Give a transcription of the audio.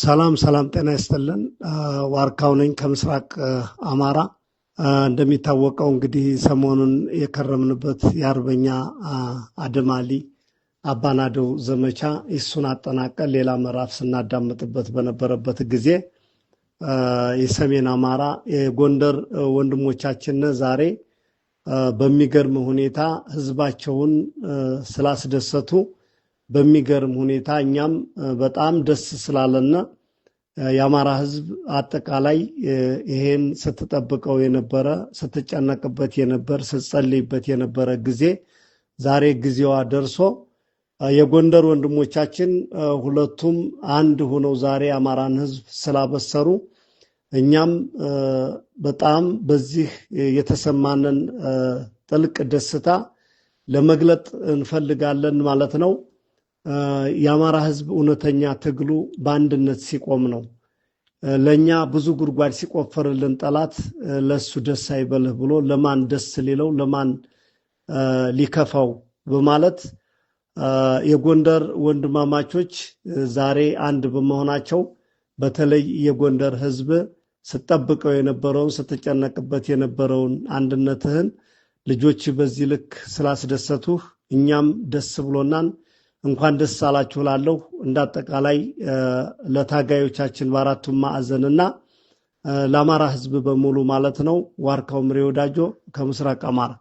ሰላም ሰላም፣ ጤና ይስጥልን። ዋርካው ነኝ ከምስራቅ አማራ። እንደሚታወቀው እንግዲህ ሰሞኑን የከረምንበት የአርበኛ አደማሊ አባናደው ዘመቻ እሱን አጠናቀን ሌላ ምዕራፍ ስናዳምጥበት በነበረበት ጊዜ የሰሜን አማራ የጎንደር ወንድሞቻችን ዛሬ በሚገርም ሁኔታ ህዝባቸውን ስላስደሰቱ በሚገርም ሁኔታ እኛም በጣም ደስ ስላለና የአማራ ሕዝብ አጠቃላይ ይሄን ስትጠብቀው የነበረ ስትጨነቅበት የነበር ስትጸልይበት የነበረ ጊዜ ዛሬ ጊዜዋ ደርሶ የጎንደር ወንድሞቻችን ሁለቱም አንድ ሆነው ዛሬ የአማራን ሕዝብ ስላበሰሩ እኛም በጣም በዚህ የተሰማንን ጥልቅ ደስታ ለመግለጥ እንፈልጋለን ማለት ነው። የአማራ ህዝብ እውነተኛ ትግሉ በአንድነት ሲቆም ነው። ለእኛ ብዙ ጉድጓድ ሲቆፈርልን ጠላት ለሱ ደስ አይበልህ ብሎ ለማን ደስ ሊለው ለማን ሊከፋው በማለት የጎንደር ወንድማማቾች ዛሬ አንድ በመሆናቸው በተለይ የጎንደር ህዝብ ስጠብቀው የነበረውን ስትጨነቅበት የነበረውን አንድነትህን ልጆች በዚህ ልክ ስላስደሰቱህ እኛም ደስ ብሎናን እንኳን ደስ አላችሁ ላለሁ እንዳጠቃላይ ለታጋዮቻችን በአራቱ ማዕዘንና ለአማራ ሕዝብ በሙሉ ማለት ነው። ዋርካው ምሬ ወዳጆ ከምስራቅ አማራ